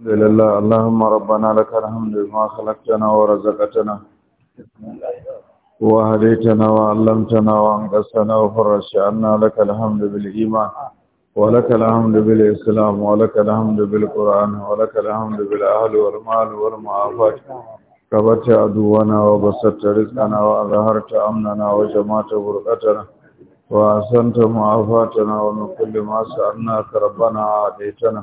الحمد لله اللهم ربنا لك الحمد ما خلقتنا ورزقتنا وهديتنا وعلمتنا وانقصنا وفرجت عنا لك الحمد بالإيمان ولك الحمد بالإسلام ولك الحمد بالقرآن ولك الحمد بالأهل والمال والمعافات كبت عدونا وبسطت رزقنا وأظهرت أمننا وجمعت برقتنا وأحسنت معافاتنا ومن كل ما سألناك ربنا عاديتنا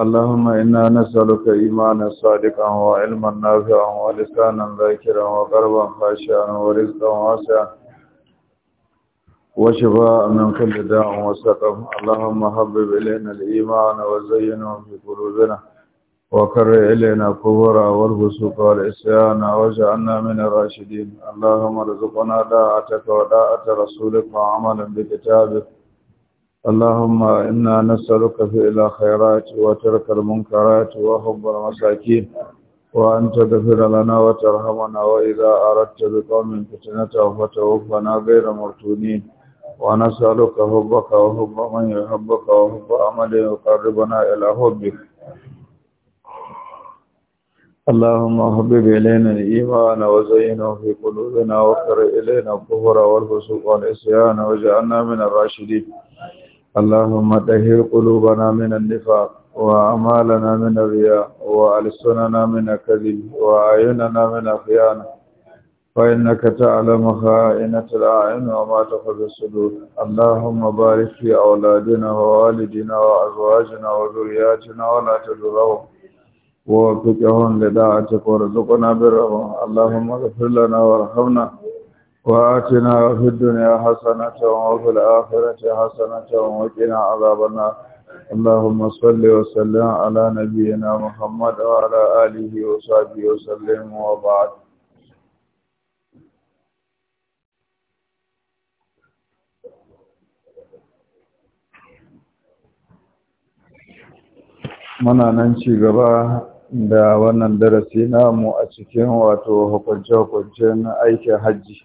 اللهم إنا نسألك إيمانا صادقا وعلما نافعا ولسانا ذاكرا وقربا خاشعا ورزقا واسعا وشفاء من كل داء وسقم اللهم حبب إلينا الإيمان وزينه في قلوبنا وكر إلينا الكفر والفسوق والعصيان واجعلنا من الراشدين اللهم ارزقنا طاعتك وطاعة رسولك وعملا بكتابك اللهم إنا نسألك فعل خيرات وترك المنكرات وحب المساكين وأن تغفر لنا وترحمنا وإذا أردت بقوم فتنة فتوفنا غير مرتونين ونسألك حبك وحب من يحبك وحب عمل يقربنا إلى حبك اللهم حبب إلينا الإيمان وزينه في قلوبنا وكر إلينا الكفر والفسوق والعصيان واجعلنا من الراشدين اللهم طهر قلوبنا من النفاق وأعمالنا من الرياء وألسننا من الكذب وأعيننا من الخيانة فإنك تعلم خائنة الأعين وما تخفي الصدور اللهم بارك في أولادنا ووالدنا وأزواجنا وذرياتنا ولا تدرهم ووفقهم لدعتك وارزقنا برهم اللهم اغفر لنا وارحمنا وآتنا في الدنيا حسنة وفي الآخرة حسنة وقنا عذاب النار اللهم صل وسلم على نبينا محمد وعلى آله وصحبه وسلم وبعد muna nan ci gaba da wannan darasi namu a cikin wato hukunce-hukuncen aikin hajji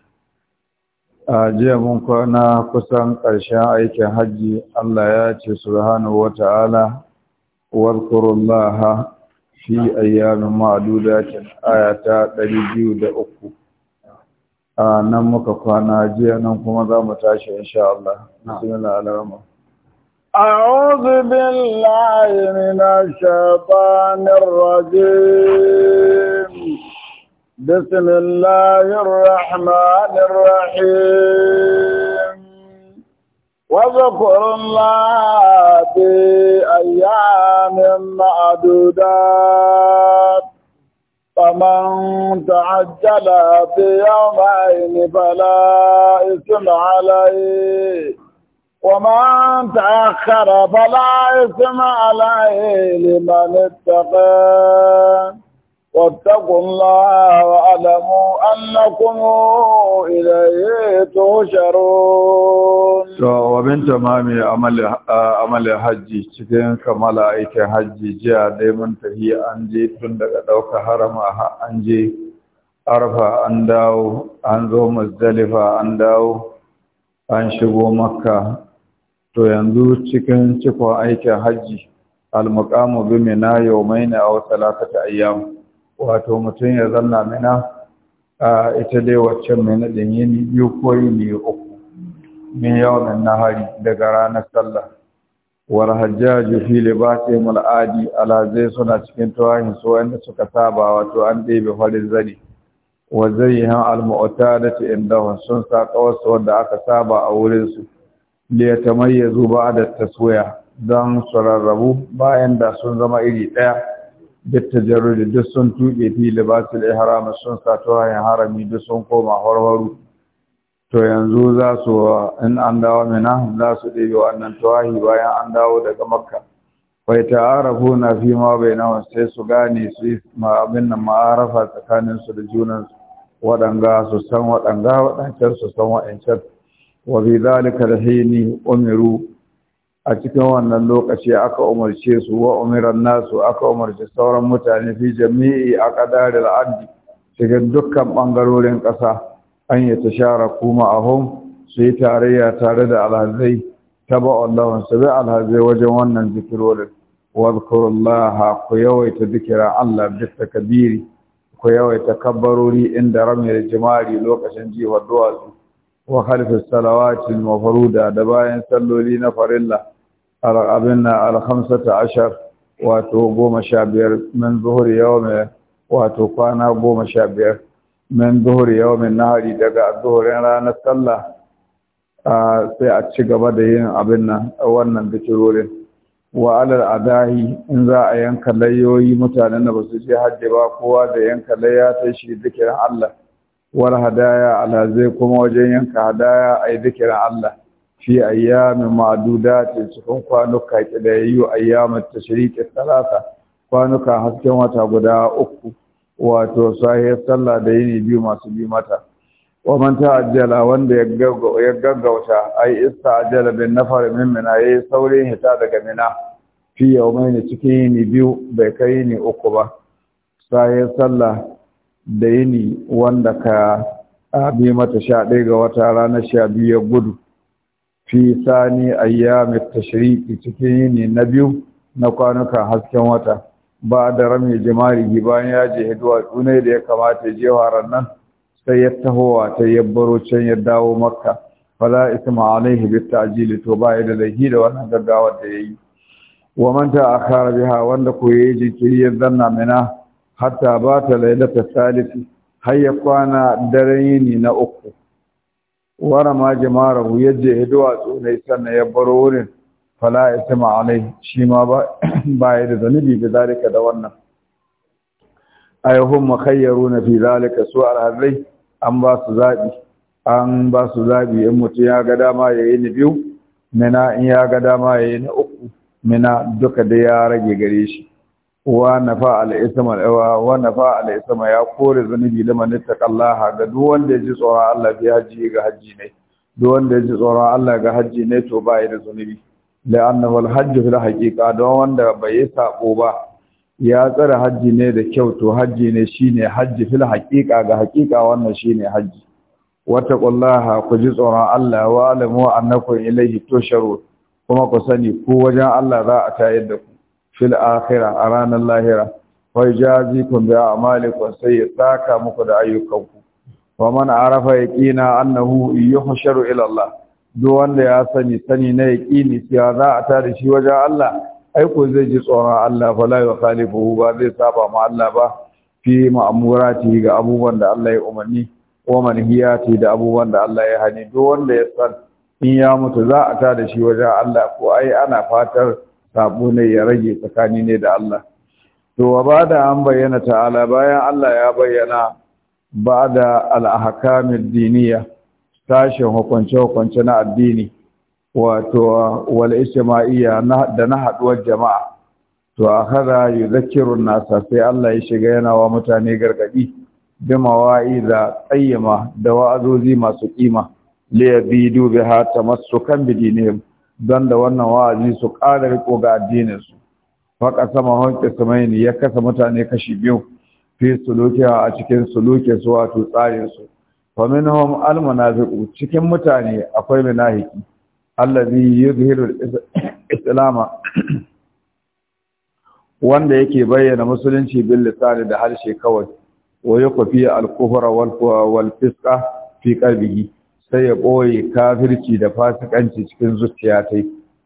a jiya mun kwana kusan ƙarshen aikin hajji Allah ya ce subhanahu wata'ala warkurullaha fi ayyamin ma'dudatin ayata 203 a nan muka kwana jiya nan kuma za mu tashi insha Allah bismillah alrahman أعوذ بالله من الشيطان الرجيم بسم الله الرحمن الرحيم واذكر الله في أيام معدودات فمن تعجل في يومين فلا إثم عليه ومن تأخر فلا إثم عليه لمن اتقى واتقوا الله واعلموا a إليه تهشرون ومن تمام عمل الحج cikin kamala aikin hajji jiya dai mun tafi an je tun daga ɗauka harama an je arfa an dawo an zo muzdalifa an dawo an shigo makka to yanzu cikin cikon aikin hajji almuqamu bi ne yawmaina aw salatata ayyam wato mutum ya zanna mina a ita dai waccan mai naɗin yini biyu ko ne uku min yawon nahari daga ranar sallah war hajjaji fi libasi mul'adi alhazai suna cikin tawahin su wanda suka saba wato an ɗebe farin zani wa zayyihan al-mu'tadati indahum sun sa kawarsu wanda aka saba a wurin su li zuba ta soya. don su rarrabu bayan da sun zama iri ɗaya duk duk sun tuɓe fi libasul ihram sun sa tawayen harami duk sun koma warwaru to yanzu za su in an dawo mina za su ɗebe wannan tawahi bayan an dawo daga makka wai ta'arafu na fi ma bainahum sai su gane su yi abin nan ma'arafa tsakanin su da junan waɗanga su san waɗanga waɗancan su san waɗancan wa bi zalika da hini umiru a cikin wannan lokaci aka umarce su wa umiran nasu aka umarci sauran mutane fi jami'i a ƙadarar addi cikin dukkan bangarorin ƙasa an yi ta share kuma a hom su yi tarayya tare da alhazai ta ba Allahun su bi alhazai wajen wannan zikirorin wadkurullaha ku yawaita zikira Allah bisa kabiri ku yawaita kabbarori inda ramiyar jimari lokacin jiwa duwatsu wa khalifis salawatin mafaruda da bayan salloli na farilla abin na alhamsata ashar wato goma sha biyar min zuhur yau mai wato kwana goma sha biyar min zuhur yau mai nahari daga zuhurin ranar sallah sai a ci gaba da yin abin nan wannan bikirorin wa alal adahi in za a yanka layoyi mutanen da ba su je hajji ba kowa da yanka laya ta shi dukkan Allah wal hadaya alhazai kuma wajen yanka hadaya a yi dukkan Allah fi ayyamin ma'dudatin cikin kwanuka kidayayyu ayyamin tashriqi salasa kwanuka hasken wata guda uku wato sahiyar sallah da yini biyu masu bi mata wa man ta'ajjala wanda ya gaggauta ai ista'jala bin nafar min mina yayi saurin hita daga mina fi yawmain cikin yini biyu bai kai yini uku ba sahiyar sallah da yini wanda ka abi mata sha ɗaya ga wata ranar sha biyu ya gudu fi sani ayyamit tashriqi cikin yini na biyu na kwanukan hasken wata ba da rami jimari bayan ya je hidwa tune da ya kamata je haran nan sai ya tahowa ta yabbaro can ya dawo makka fala isma alaihi bi ta'jil to ba ya da da wannan gaggawa da yayi wa man akhara biha wanda ko yayi jikiri ya zanna mina hatta ba ta lailata salisi har ya kwana daren yini na uku wara ma jama'arahu yaje ya duwatsu ne sannan ya baro wurin fala isma alai shi ma ba ya da zanubi da zalika da wannan ayyuhum makhayyaruna fi zalika su alhazai an ba su zabi an ba su zabi in mutum ya ga dama yayi na biyu mina in ya ga dama yayi na uku mina duka da ya rage gare shi wa nafa al-isma wa nafa al-isma ya kore zunubi liman ittaqallaha ga duk wanda ya ji tsoron Allah bi haji ga haji ne duk wanda ya ji tsoron Allah ga haji ne to ba ya da zunubi la'annahu al-hajj fil haqiqa don wanda bai yi saɓo ba ya tsara hajji ne da kyau to haji ne shine haji fil haqiqa ga haqiqa wannan hajji. haji wattaqullaha ku ji tsoron Allah wa alamu annakum ilayhi tusharun kuma ku sani ku wajen Allah za a tayar da ku fil akhirah a ranar lahira wai jazikum a a'malikum sai ya saka muku da ayyukanku wa man arafa yaqina annahu yuhsharu ila Allah duk wanda ya sani sani na yaqini cewa za a tada shi wajen Allah Aiko zai ji tsoron Allah fa la yukhalifuhu ba zai saba ma Allah ba fi ma'amurati ga abubuwan da Allah ya umarni wa manhiyati da abubuwan da Allah ya hani duk wanda ya san in ya mutu za a tada shi wajen Allah ko ai ana fatar sabo ne ya rage tsakani ne da Allah to wa da an bayyana ta'ala bayan Allah ya bayyana ba da al'ahakamin diniya tashin hukunce hukunce na addini wato wal ijtima'iyya da na haɗuwar jama'a to kada yi zakirun nasa sai Allah ya shiga yana wa mutane gargadi bimawa'i da tsayyama da wa'azozi masu kima li yabidu masu tamassukan bidinihim don da wannan wa'azi su ƙara riko ga addininsu faƙa sama hanke ne ya kasa mutane kashi biyu fi sulukewa a cikin suluke su wato tsarinsu fa almana almunafiqu cikin mutane akwai munafiki allazi yuzhiru islama wanda yake bayyana musulunci bil lisani da harshe kawai wa yakfi al-kufra wal fisqa fi qalbihi sai ya ɓoye kafirci da fasikanci cikin zuciya ta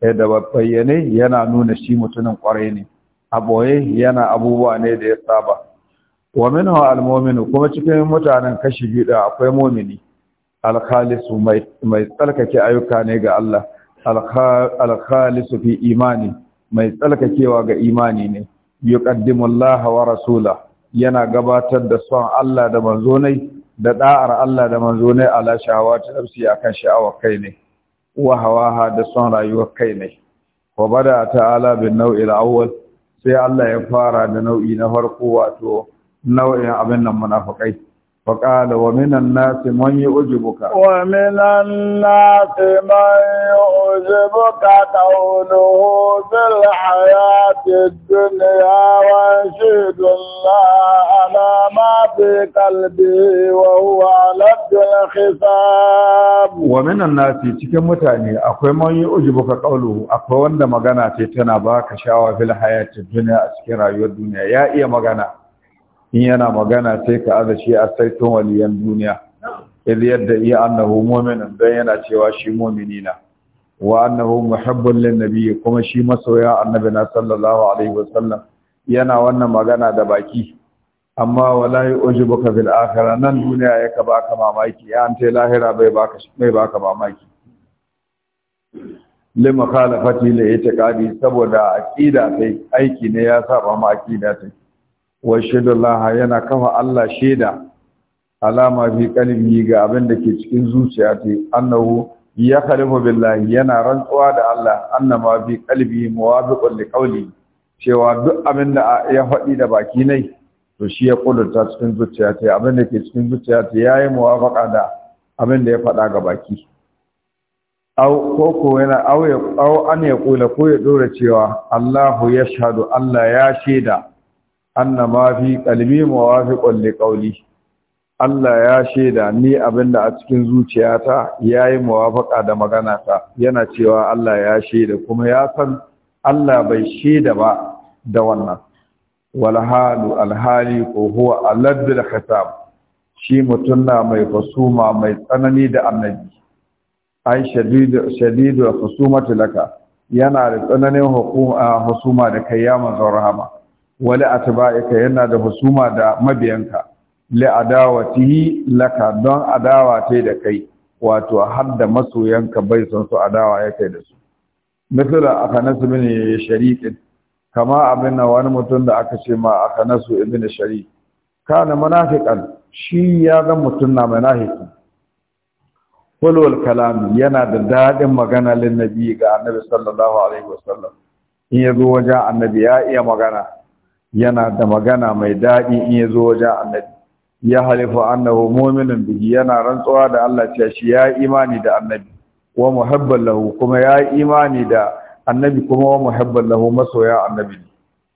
yadda bayyane yana nuna shi mutumin ƙwarai ne a ɓoye yana abubuwa ne da ya saba wa min al kuma cikin mutanen kashi biyu da akwai mu'mini alkhalisu mai tsarkake ayyuka ne ga Allah alkhalisu fi imani mai tsarkakewa ga imani ne yuqaddimu Allah wa rasula yana gabatar da son Allah da manzo ne da da'ar Allah da manzo ne ala shawa ta nafsi akan sha'awar kai ne wa hawaha da son rayuwar kai ne wa bada ta'ala bin nau'il awwal sai Allah ya fara da nau'i na farko wato nau'in abin nan munafikai فقال ومن الناس من يعجبك ومن الناس من يعجبك قوله في الحياة الدنيا ويشهد الله على ما في قلبه وهو ألد الخصام ومن الناس cikin mutane akwai man yu'jibuka ƙa'ulu. akwai wanda magana ce tana baka shawa fil hayatid a cikin rayuwar duniya ya iya magana in yana magana sai ka aza shi a saitun waliyan duniya idh yadda iya annahu mu'minun dan yana cewa shi mu'mini na wa annahu muhibbun lin nabiyyi kuma shi masoya annabi na sallallahu alaihi sallam. yana wannan magana da baki amma wallahi ujibuka fil akhirah nan duniya yaka baka mamaki ya an tai lahira bai baka bai baka mamaki lima khalafati li itiqadi saboda aqida sai aiki ne ya saba ma aqida sai wa shaidallaha yana kafa Allah shaida alama fi kalbi ga abin da ke cikin zuciya ta annahu ya khalifu billahi yana rantsuwa da Allah annama fi kalbi muwafiqun li qawli cewa duk abin da ya faɗi da baki nai to shi ya kudurta cikin zuciya ta abin da ke cikin zuciya ta yayi muwafaqa da abin da ya faɗa ga baki au ko ko yana au an ya kula ko ya dora cewa Allahu yashhadu Allah ya shaida anna ma fi qalbi muwafiqun li Allah ya shaida ni abinda a cikin zuciyata yayi muwafaka da magana ta yana cewa Allah ya shaida kuma ya san Allah bai shaida ba da wannan wal halu al hali ko huwa aladul khitab shi mutum na mai fasuma mai tsanani da annabi ai shadidu khusumati laka yana da tsananin hukuma husuma da kai ya manzo rahama wali atiba'ika yana da husuma da mabiyanka li adawatihi laka don adawa ta da kai wato har da masoyanka bai son su adawa ya kai da su misala akanas bin shariq kama abin na wani mutum da aka ce ma akanasu ibn shariq kana munafiqan shi ya ga mutum na munafiki Kulwal kalam yana da daɗin magana lin nabi ga annabi sallallahu alaihi wasallam in yazo wajen annabi ya iya magana yana da magana mai daɗi in ya zo wajen annabi ya halifa annahu mu'minun bihi yana rantsuwa da Allah cewa shi ya imani da annabi wa muhabbal lahu kuma ya imani da annabi kuma wa muhabbal lahu masoya annabi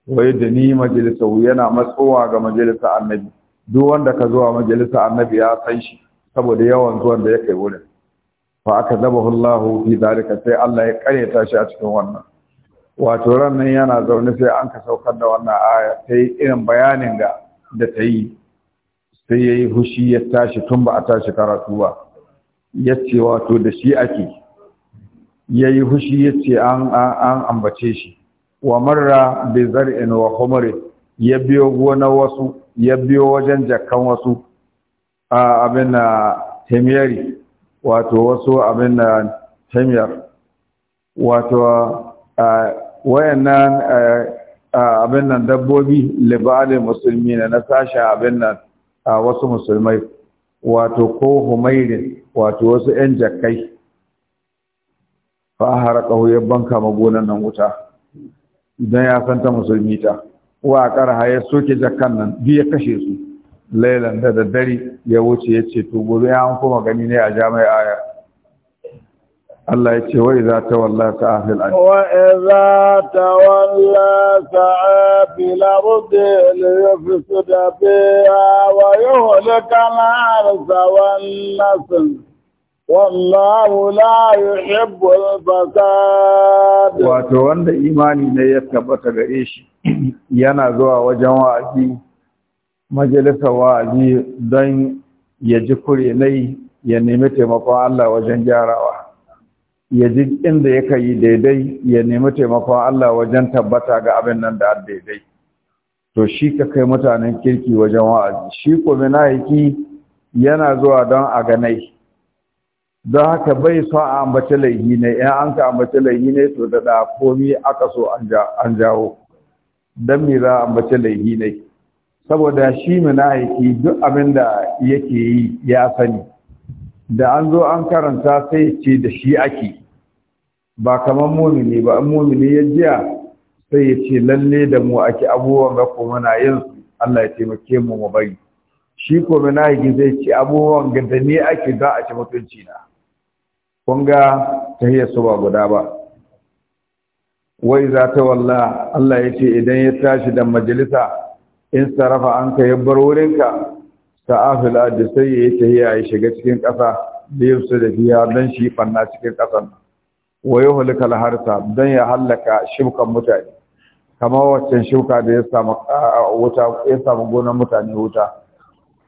wa da ni yana matsowa ga majalisa annabi duk wanda ka zo a majalisa annabi ya san shi saboda yawan zuwan da ya kai wurin fa aka zabahu Allah fi zalika sai Allah ya karyata shi a cikin wannan wato rannan yana zaune sai an ka saukar da wannan aya ta yi irin bayanin ga da ta yi sai ya yi hushi ya tashi tun ba a tashi karatu ba ya ce wato da shi ake ya yi hushi ya ce an ambace shi wa marra bi zar'in wa humri ya biyo gonar wasu ya biyo wajen jakan wasu a abin na temiyari wato wasu abin na temiyar wato nan eh, eh, abin nan dabbobi libalin musulmi na na sashen abin nan eh, wasu musulmai wato ko humairin wato wasu 'yan jakai fa haraka ya banka magonan nan wuta idan ya san ta musulmi ta wa ha ya soke jakan nan biya kashe su lailan da daddare ya wuce ya ce to gobe an kuma gani ne a jami'a Allah ya ce wai za ta walla ta ahil ardi wa idza tawalla sa'a fil su da biya wa yuhlika al-arda wan nasl wallahu la yi al-fasad wato wanda imani na ya tabbata gare shi yana zuwa wajen wa'azi majalisar wa'azi don ya ji kure nai ya nemi taimakon Allah wajen gyarawa ya ji inda yaka yi daidai ya nemi taimakon Allah wajen tabbata ga abin nan da daidai to shi ka kai mutanen kirki wajen wa'azi shi ko aiki yana zuwa don a ganai don haka bai so a ambaci laihi ne in an ka ambaci laihi ne to da da komi aka so an jawo don me za a ambaci laihi ne saboda shi minayiki duk abin da yake yi ya sani da an zo an karanta sai ce da shi ake ba kamar mumini ba an mumini ya jiya sai ya ce lalle da mu ake abubuwan ga ko muna yin Allah ya taimake mu mu bari shi ko muna yi zai ce abubuwan ga da ne ake za a ci mutunci na kun ga hiyar su ba guda ba wai za ta walla Allah ya ce idan ya tashi da majalisa in sarrafa an ka yabbar wurinka ta'afil da sai ya yi tahiya ya shiga cikin ƙasa da ya da fiya don shi fanna cikin ƙasan wa yi hulikal harsa don ya hallaka shibkan mutane kamar waccan shuka da ya samu gonar mutane wuta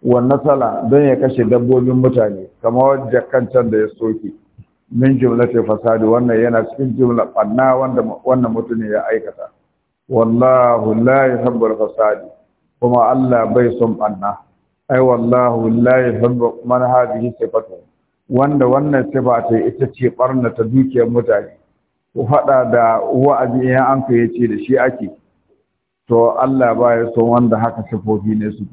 wa nasala don ya kashe dabbobin mutane kamar wajen kancan da ya soke min jumlatil fasadi wannan yana cikin jumla fanna wanda wannan mutum ya aikata wallahu la yuhibbul fasadi kuma Allah bai son fanna ai wallahu la yuhibbu man hadhihi sifatu wanda wannan sifa ta ita ce barna ta dukiyar mutane ku fada da wa'azi in an ka yace da shi ake to Allah ba ya so wanda haka sifofi ne su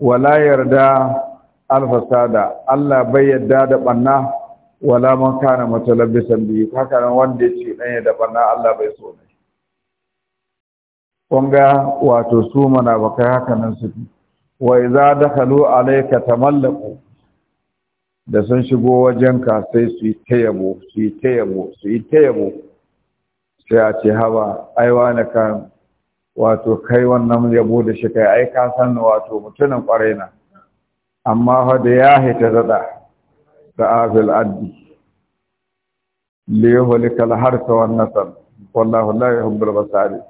wala yarda alfasada Allah bai yarda da banna wala man kana matalabbisan bi haka nan wanda yace dan ya da banna Allah bai so ne kun ga wato su na haka nan su wa idza dakhalu alayka tamallaku da sun shigo wajenka sai su yi ta yabo su yi ta yabo su yi ta yabo sai a ce haba aiwa na kan wato kai wannan yabo da shi kai ai ka san wato mutumin kwarai na amma fa da ya hita zada da afil addi li yuhlikal harsa wan nasab wallahu la yuhibbul basari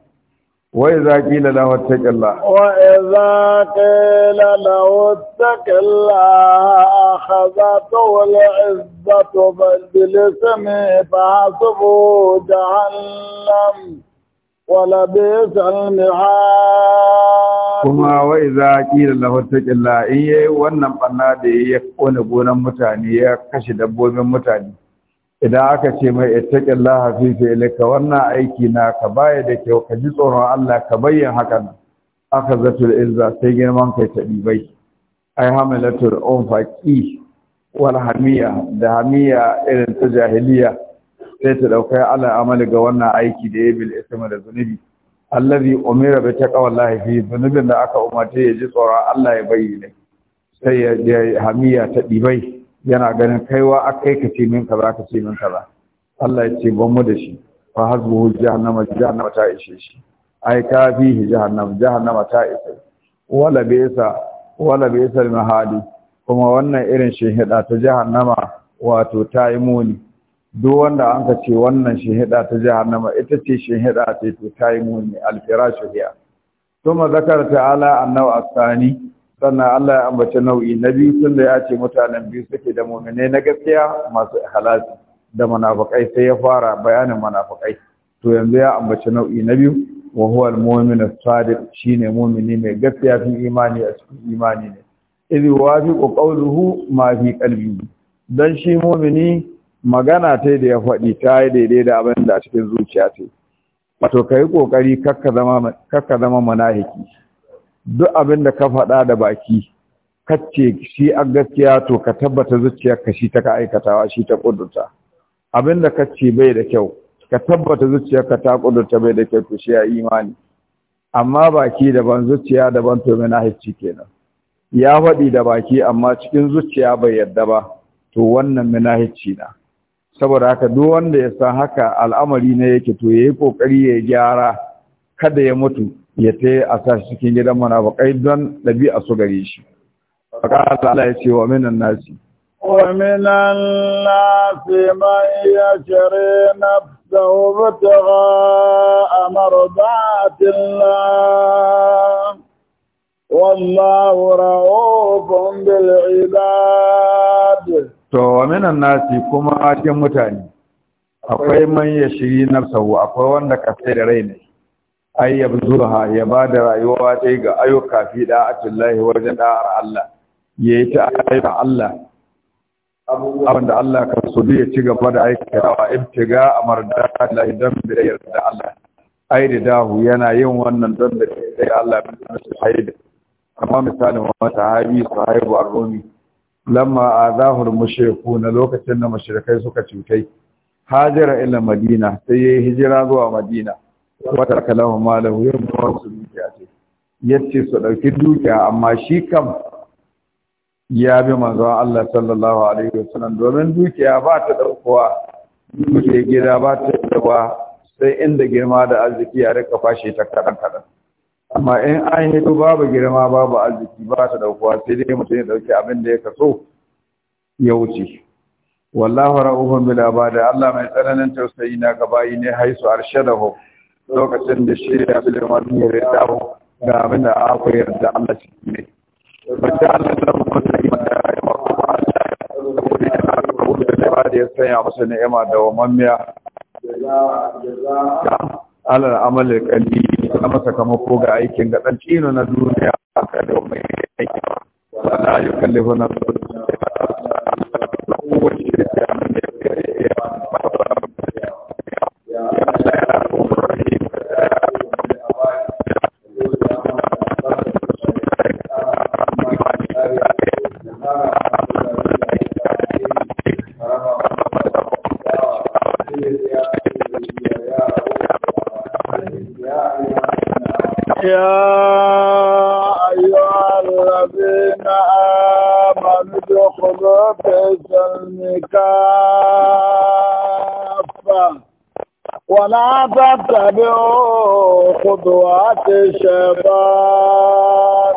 وإذا قيل له اتق الله وإذا قيل له اتق الله أخذته العزة بالإثم فحسبه جهنم ولبئس المعاد كما وإذا قيل له اتق الله إيه wannan banna da ya kone gonan mutane ya kashe dabbobin idan aka ce mai fiye fi fi'lika wannan aiki na ka baya da kyau ka ji tsoron Allah ka bayyana hakan aka zatul izza sai girman kai ta dibai ai hamalatul unfaqi wal hamiya da hamiya irin ta jahiliya sai ta dauka ala amali ga wannan aiki da yabil isma da zunubi allazi umira bi taqwallahi fi zunubin da aka umarce ya ji tsoron Allah ya bayyana sai ya hamiya ta dibai yana ganin kaiwa a kai ka ce min kaza ka ce min kaza Allah ya ce ban mu da shi fa hasbuhu jahannama jahannama ta ishe shi ai ka fi jahannam jahannama ta ishe wala bisa wala bisa mahadi kuma wannan irin shehida ta jahannama wato ta yi muni duk wanda an ka ce wannan shehida ta jahannama ita ce shehida ce to ta yi muni alfirashu hiya ثم ذكر تعالى النوع الثاني sannan Allah ya ambaci nau'i na biyu tun da ya ce mutanen biyu suke da muminai na gaskiya masu halasi da munafukai sai ya fara bayanin munafukai to yanzu ya ambaci nau'i na biyu wa huwa al-mu'min as-sadiq shine mu'mini mai gaskiya fi imani a cikin imani ne idh wafiqu qawluhu ma fi qalbi dan shi mu'mini magana ta da ya faɗi ta yi daidai da abin da a cikin zuciya ta wato kai kokari kakka zama kakka zama munafiki duk abin da ka faɗa da baki kacce shi a gaskiya to ka tabbata zuciyarka shi ta ka aikatawa shi ta kudurta abin da kacce bai da kyau ka tabbata zuciyarka ta kudurta bai da kyau to shi ya imani amma baki daban zuciya daban to mai nahicci kenan ya faɗi da baki amma cikin zuciya bai yadda ba to wannan munahici na saboda haka duk wanda ya san haka al'amari ne yake to ya yi ƙoƙari ya gyara kada ya mutu ya ta a sashi cikin gidan munafikai don ɗabi'a su gare shi ƙasa Allah ya ce wa minan nasi ومن الناس من يشري نفسه ابتغاء مرضات الله والله رؤوف بالعباد to minan nasi kuma cikin mutane akwai man na nafsahu akwai wanda ka sai da rai ne Ayyab zurha ya bada rayuwa dai ga ayyuka fi da'atillahi wajen da'ar Allah yayi ta ayyuka Allah abin da Allah ka so ya ci gaba da aikatawa ibtiga amarda Allah idan bi yarda Allah ai da dahu yana yin wannan don da sai Allah ya da amma misalin wata sahabi sahibu ar-rumi lamma azahu al na lokacin da mushrikai suka cutai hajara ila madina sai yayi hijira zuwa madina wata kalama Malam yin mawar su dukiya ce yace su ɗauki dukiya amma shi kam ya bi manzon Allah sallallahu alaihi wasallam domin dukiya ba ta ɗaukowa dukiya gida ba ta ɗaukowa sai inda girma da arziki ya rika fashe ta kaɗan kaɗan amma in an yi babu girma babu arziki ba ta ɗaukowa sai dai mutum ya ɗauki abin da ya kaso ya wuce wallahu ra'uhum bil abada Allah mai tsananin tausayi na yi ne haisu arshadahu lokacin da shi ya fi da wani ya dawo ga abin da aka yarda Allah shi ne Bata Allah da mu da ima da ya mako ba a saboda ya ka kawo da da da ya sanya masa ni'ima da mamiya? Allah amal kalli kuma sakamako ga aikin ga ɗan cino na duniya aka da mai aiki wala yukallifu ta yi wusaha ولا تتبعوا خطوات الشيطان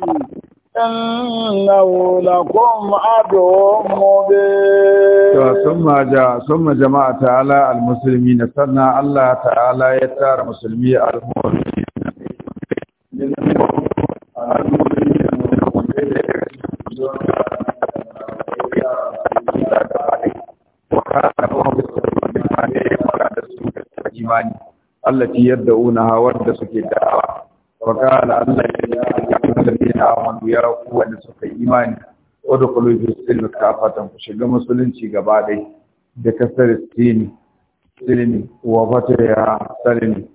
إنه لكم عدو مبين ثم جاء ثم جمع تعالى المسلمين سنة الله تعالى يتار مسلمي المؤمنين allati yad'unaha wadda suke da'awa wa qala allah ya ya'lamu a amanu ya rafu wanda suka imani wa dukhulu fi silmi kafatan ku shiga musulunci gaba dai da kasar sini silmi wa fatiha salimi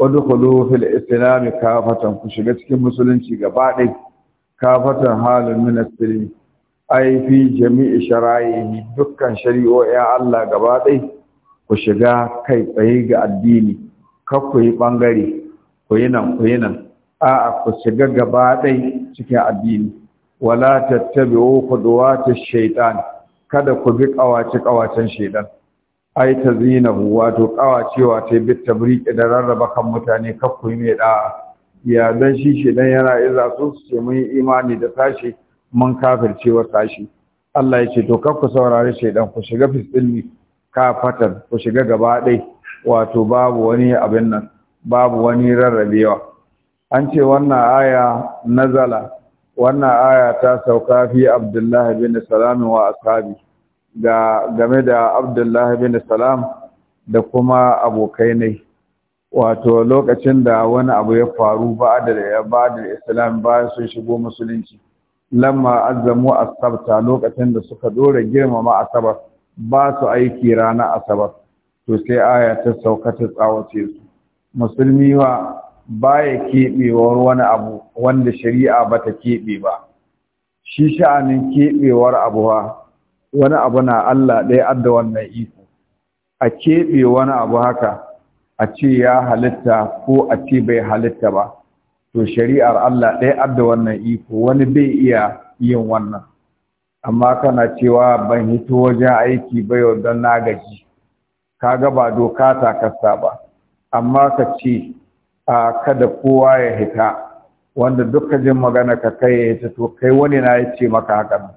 wa dukhulu fil islam kafatan ku shiga cikin musulunci gaba dai kafatan halin min silmi ai fi jami'i shara'ihi dukkan shari'o'i Allah gaba dai ku shiga kai tsaye ga addini kakku yi ɓangare ku yi nan ku yi nan a'a ku shiga gaba ɗai cikin addini wala tattabi'u khuduwatish shaitan kada ku bi kawace kawacen shaitan ai tazinahu to kawacewa ta bi tabriki da rarraba kan mutane kakku yi mai ɗa'a. ya dan shi shaitan yana iza su ce mun imani da tashi mun kafirce wa tashi Allah ya ce to kakku saurari shaitan ku shiga ka fatar ku shiga gaba ɗai wato babu wani abin nan babu wani rarrabewa an ce wannan aya nazala wannan aya ta sauka fi abdullahi bin salam wa ashabi ga game da abdullahi bin salam da kuma abokai ne wato lokacin da wani abu ya faru ba'adar islam ba su shigo musulunci lamma azamu asabta lokacin da suka dora girmama asabar ba su aiki rana asabar to sai aya ta sauka ta tsawace su musulmi ba baya keɓewar wani abu wanda shari'a ba ta keɓe ba shi sha'anin keɓewar abu ba wani abu na Allah ɗaya adda wannan iko a keɓe wani abu haka a ce ya halitta ko a ce bai halitta ba to shari'ar Allah ɗaya adda wannan iko wani bai iya yin wannan amma kana cewa ban hito wajen aiki ba yau don na gaji Ka ga ba doka ta kasta ba amma ka ci a kada kowa ya hita wanda duka jin magana ka kai ya hita to kai wani na ya ce maka haka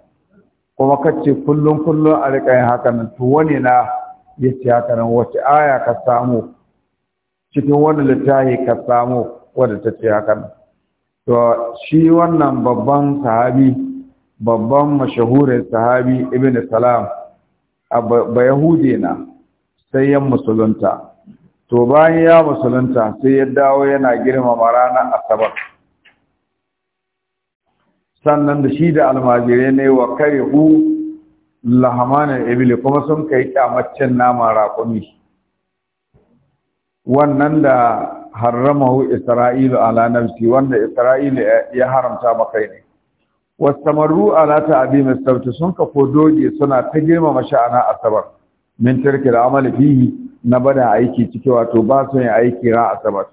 kuma ka ce kullum kullum a rika yin haka nan to wani na ya ce haka nan wace aya ka samu cikin wani littafi ka samu wadda ta ce haka nan to shi wannan babban sahabi babban mashahurin sahabi ibn salam ba yahudi na sai ya musulunta to bayan ya musulunta sai ya dawo yana girmama ranar asabar sannan da shi da almajirai ne wa kai, hu lahamanin ibili kuma sun kai kyamaccen nama raƙumi wannan da hu isra'ilu ala nafsi wanda isra'ilu ya haramta makai ne wasu samarru ala ta abi mai sun kafo doge suna ta girmama sha'ana asabar min da amali bihi na bada aiki ciki wato ba su yin aiki ra asabat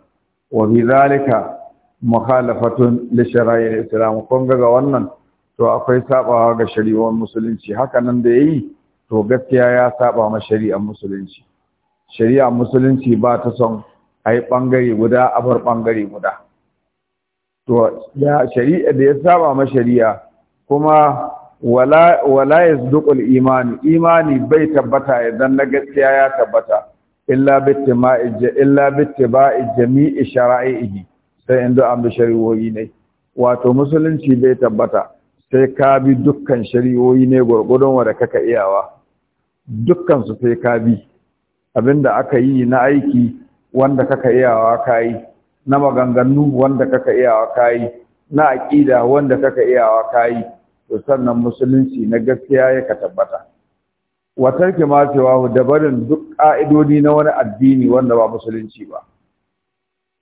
wa bi zalika mukhalafatun li al islam kun ga wannan to akwai sabawa ga shari'ar musulunci haka nan da yayi to gaskiya ya saba ma shari'ar musulunci shari'ar musulunci ba ta son ai bangare guda a bar bangare guda to ya shari'a da ya saba ma shari'a kuma wala wala yasduqul iman imani bai tabbata idan na gaskiya ya tabbata illa bittima'i illa bittiba'i jami'i shara'i'i sai inda an bi shari'o'i ne wato musulunci bai tabbata sai ka bi dukkan shari'o'i ne gurgudun wanda kaka iyawa dukkan su sai ka bi abinda aka yi na aiki wanda kaka iyawa kai na maganganu wanda kaka iyawa kai na aqida wanda kaka iyawa kai to sannan musulunci na gaskiya ya ka tabbata watar ke ma cewa da barin duk ƙa'idodi na wani addini wanda ba musulunci ba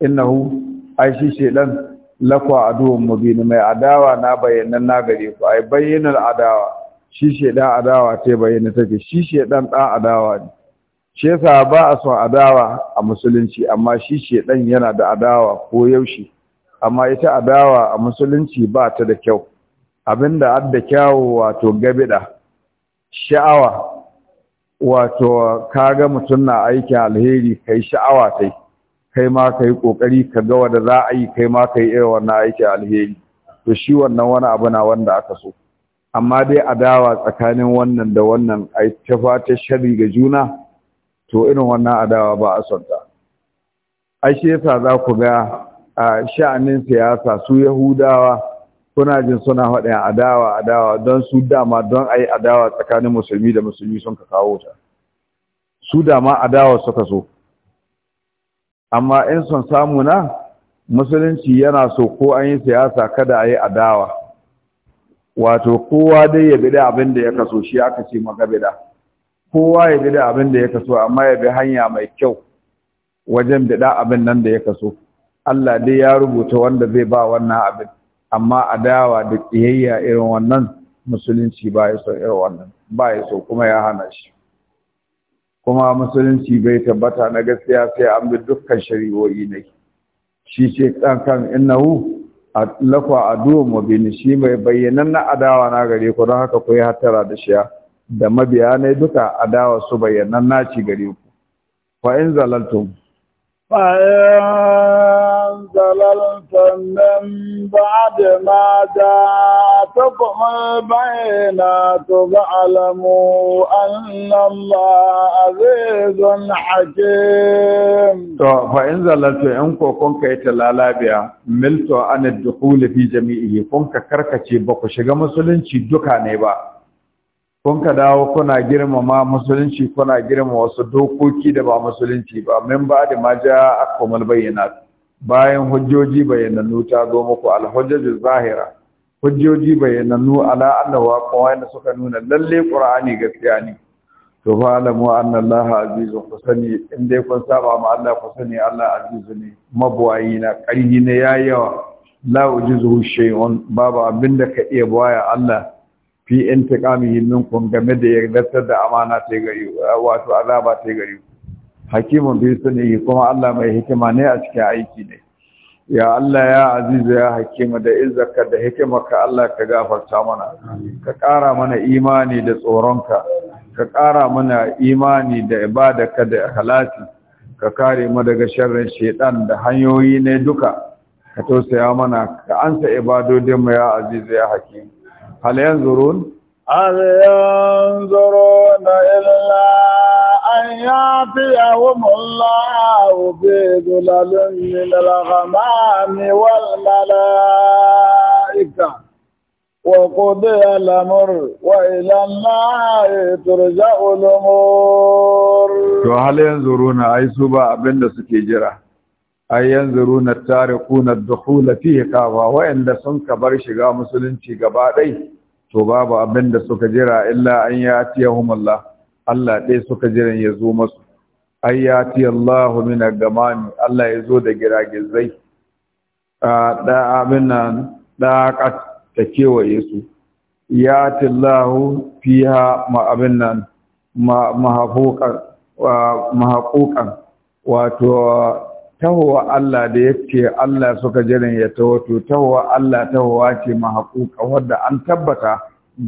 innahu ai shi shedan lakwa mu mubin mai adawa na bayyanan na gare ku ai bayyanar adawa shi shedan adawa ce bayyana take shi shedan dan adawa ne shi yasa ba a son adawa a musulunci amma shi shedan yana da adawa ko yaushe amma ita adawa a musulunci ba ta da kyau abinda adda kyawu wato gabida sha'awa wato kaga mutum na aiki alheri kai sha'awa tai kai ma kai kokari ka ga wanda za a yi kai ma kai irin wannan aiki alheri to shi wannan wani abu na wanda aka so amma dai adawa tsakanin wannan da wannan ai ta fata shari ga juna to irin wannan adawa ba a son ta ai shi yasa za ku ga a sha'anin siyasa su yahudawa kuna jin suna haɗin adawa adawa don su dama don a yi adawa tsakanin musulmi da musulmi sun ka kawo ta su dama adawa suka so amma in son samu na musulunci yana so ko an yi siyasa kada a yi adawa wato kowa dai ya bida abin da ya kaso shi aka ce magabida bida kowa ya bida abin da ya kaso amma ya bi hanya mai kyau wajen bida abin nan da ya kaso Allah dai ya rubuta wanda zai ba wannan abin amma adawa da ƙiyayya irin wannan musulunci ba ya so irin wannan ba ya so kuma ya hana shi kuma musulunci bai tabbata na gaskiya sai an bi dukkan shari'o'i ne shi ce kan kan innahu lakwa duwan Mabini, shi mai bayyanan na adawa na gare ku don haka ku yi hattara da shi da mabiya ne duka adawa su bayyanan naci gare ku fa in zalaltum fa zalaltar nan ba da mata ta kuma bayyana ta ga alamu annan ba a zizon hakim. To, fa’in zalaltar ‘yan ko kun ka yi ta lalabiya, milto ana dukuli fi jami’i, kun ka karkace ba ku shiga musulunci duka ne ba. Kun ka dawo kuna girmama musulunci kuna girmama wasu dokoki da ba musulunci ba, min ba da maja akwamal bayyana ta. bayan hujjoji bayyanannu ta zo muku alhujjaju zahira hujjoji bayyanannu ala annahu wa da suka nuna lalle qur'ani gaskiya ne to fa mu anna allah azizu kusani in dai kun saba ma allah kusani allah azizu ne mabwayi na karhi ne yayi la ujizuhu shay'un babu abinda ka iya baya allah fi intiqamihi minkum game da yardatar da amana ta gari wato azaba ta gari ku hakimun bi sunni kuma Allah mai hikima ne a cikin aiki ne ya Allah ya azizu ya hakima da izzaka da hikimarka Allah ka gafarta mana ka kara mana imani da tsoronka ka kara mana imani da ibadaka da halati, ka kare mu daga sharrin shaiɗan da hanyoyi ne duka ka tausaya mana ka ansa ibadodin mu ya azizu ya hakim hal yanzurun hal yanzuruna illa أن يأتيهم الله في ظلل من الغمام والملائكة وقضي الأمر وإلى الله ترجع الأمور to hal yanzuruna ai su ba abin da suke jira ai yanzuruna tarikuna dukhul fihi kafa wa'anda sun kabar shiga musulunci gaba to babu abin da suka jira illa an yatiyahum Allah Allah ɗaya suka jiran ya zo masu ayyati Allahu min ne. Allah ya zo da giragizai da abin nan da ta kewaye su yati Allahu fiha ma abin nan mahaƙoƙan wato tahowa Allah da ya yake Allah suka jiran ya tawato tahowa Allah tahowa ce mahaƙoƙa wadda an tabbata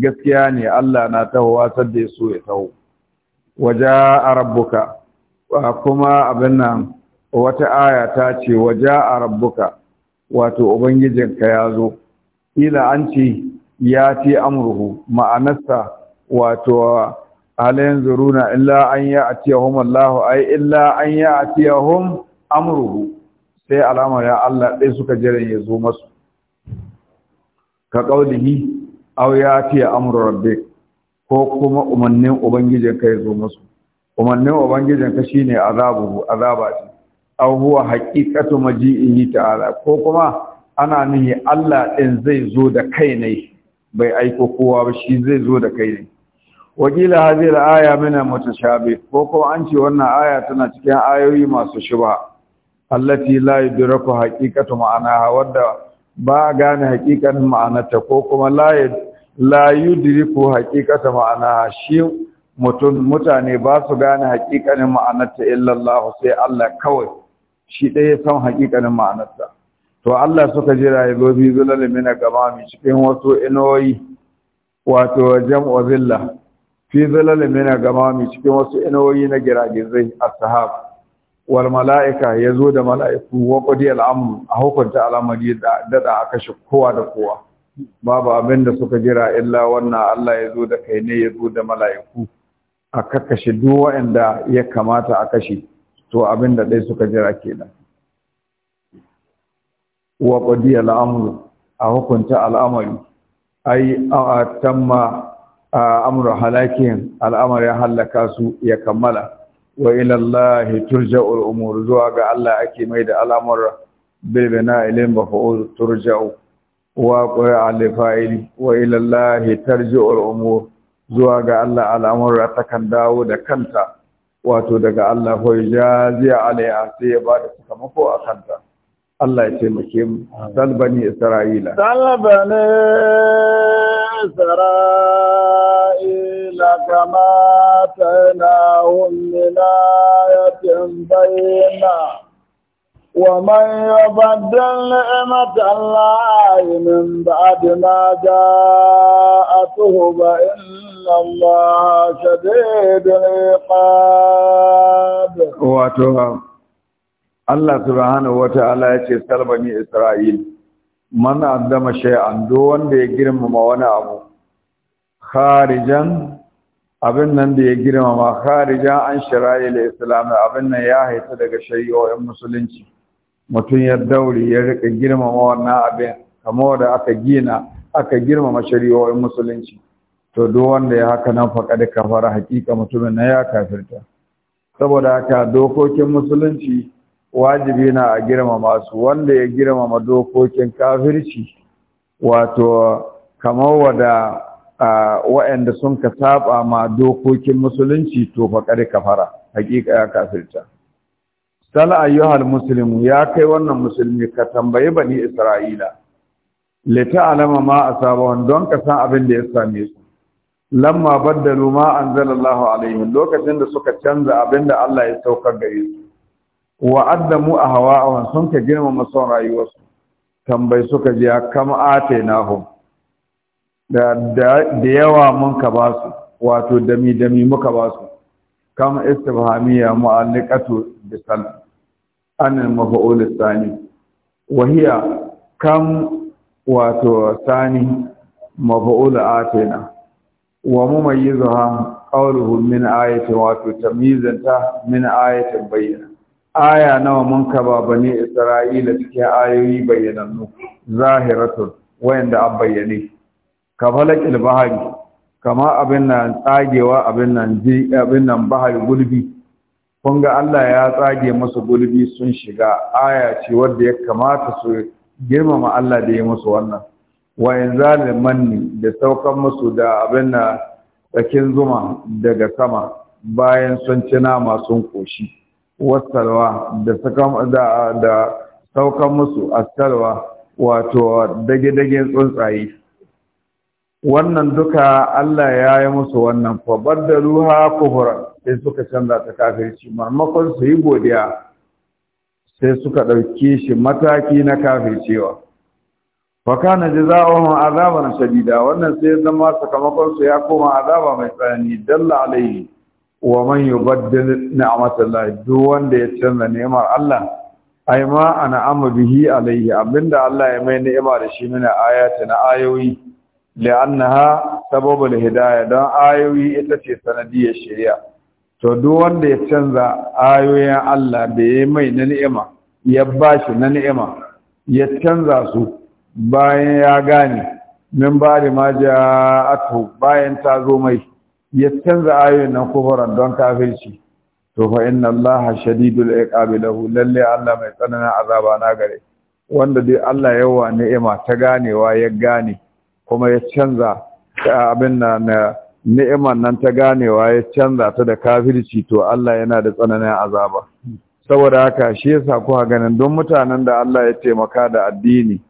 gaskiya ne Allah na tahowa sadda ya so ya taho waja a rabbuka kuma abin nan wata aya ta ce waja a rabbuka wato ka ya zo ila an ce ya fi amurhu ma'anarsa wato halayen zuruna illa an yi a tiyahun allahu ai illa an yi a tiyahun amurhu sai alamar ya Allah ɗai suka jiran ya zo masu ka ƙaunihi au ya tiya amur rabbi ko kuma umarnin ubangijin ka ya zo musu umarnin ubangijin ka shine azabu azaba ce aw huwa haqiqatu maji'ihi ta'ala ko kuma ana nihi Allah din zai zo da kai ne bai aiko kowa ba shi zai zo da kai ne wajila hadhihi al-aya min mutashabih ko ko an ce wannan aya tana cikin ayoyi masu shuba allati la yudraku haqiqatu ma'anaha wadda ba gane haqiqanin ma'anarta ko kuma la la yudriku haqiqata ma'ana shi mutum mutane ba su gane haƙiƙanin ma'anarta illallah sai Allah kawai shi ɗaya san haƙiƙanin ma'anarta to Allah suka jira ya zo bi zulal min gamami cikin wasu inoyi wato jam'u zilla fi zulal min gamami cikin wasu inoyi na giragizai ashab wal mala'ika yazo da mala'iku wa qadi al a hukunta al'amari da da aka shi kowa da kowa babu abin da suka jira illa wannan Allah ya zo da kai ne ya zo da mala'iku a kakashe duk waɗanda ya kamata a kashe to abin da dai suka jira kenan wa al al'amru a hukunta al'amari ai a tamma amru halakin ya halaka su ya kammala wa ila Allah al umur zuwa ga Allah ake mai da al'amura bil bina ba fa'ul turja'u wa qur'a al-fa'il wa ila umur zuwa ga Allah al'amura takan dawo da kanta wato daga Allah ko jazi alaiha sai ya da sakamako a kanta Allah ya taimaki mu salbani isra'ila salbani isra'ila kama tanahum min ayatin bayyinah ومن يبدل نعمة الله من بعد ما جاءته فإن الله شديد العقاب واتوها الله سبحانه وتعالى يشي بني إسرائيل من أقدم شيئا دون بيجرم موانا أبو خارجا abin nan da ya girmama kharijan an shirayi da islam abin nan ya haifu daga shari'o'in musulunci mutum ya dauri ya rika girmama wannan abin kamar da aka gina aka girmama shari'o'in musulunci to duk wanda ya haka nan faƙa da kafara hakika mutumin na ya kafirta saboda haka dokokin musulunci wajibi na a girmama su wanda ya girmama dokokin kafirci wato kamar wada wa'anda sun ka saba ma dokokin musulunci to faƙa da kafara hakika ya kafirta tal ayyuhal muslimu ya kai wannan musulmi ka tambayi bani isra'ila alama ma asabahum don ka san abin da ya same su lamma baddalu ma anzalallahu alaihim lokacin da suka canza abin da Allah ya saukar ga su wa addamu ahwa'ahum sun ka girmama son rayuwarsu tambayi suka ji kam nahum da da yawa mun ka ba su wato dami dami muka ba su kam istibhamiya mu'alliqatu bisalam an mafa'ul tsani wahiya kam wato tsani mafa'ul atina wa mumayyizuha qawluhu min ayatin wato tamyizanta min ayatin bayyana aya nawa mun ba bani isra'ila cikin ayoyi bayyanannu zahiratun wayanda an bayyane ka falakil bahari kama abin nan tsagewa abin nan ji abin nan bahari gulbi kun ga Allah ya tsage musu gulbi sun shiga aya ce wadda ya kamata su girmama Allah da ya musu wannan wa yanzalil manni da saukan musu da abin na tsakin zuma daga sama bayan sun ci nama sun koshi wasalwa da saukan musu asalwa wato dage-dage tsuntsaye wannan duka Allah ya yi musu wannan fa baddaluha kufran sai suka canza ta kafirci marmakon su yi godiya sai suka ɗauki shi mataki na kafircewa wani azaba azaban shadida wannan sai zama sakamakon su ya koma azaba mai tsanani dalla alaihi wa man a ni'matallahi duk wanda ya canza ni'mar Allah ai ma ana amma bihi alaihi abinda Allah ya mai ni'ima da shi mina ayati na ayoyi li'annaha sababul hidaya don ayoyi ita ce sanadiyar shari'a to duk wanda ya canza ayoyin Allah da ya mai na ni'ima ya bashi na ni'ima ya canza su bayan ya gane min ba da ma atu bayan ta zo mai ya canza ayoyin nan kufuran don kafirci to fa inna Allah shadidul iqabi lahu lalle Allah mai tsananin azaba na gare wanda dai Allah yawa ni'ima ta ganewa ya gane kuma ya canza abin na ni'imar nan ta ganewa ya canza ta da kafirci to Allah yana da tsananin azaba saboda haka shi yasa kuka ganin don mutanen da Allah ya taimaka da addini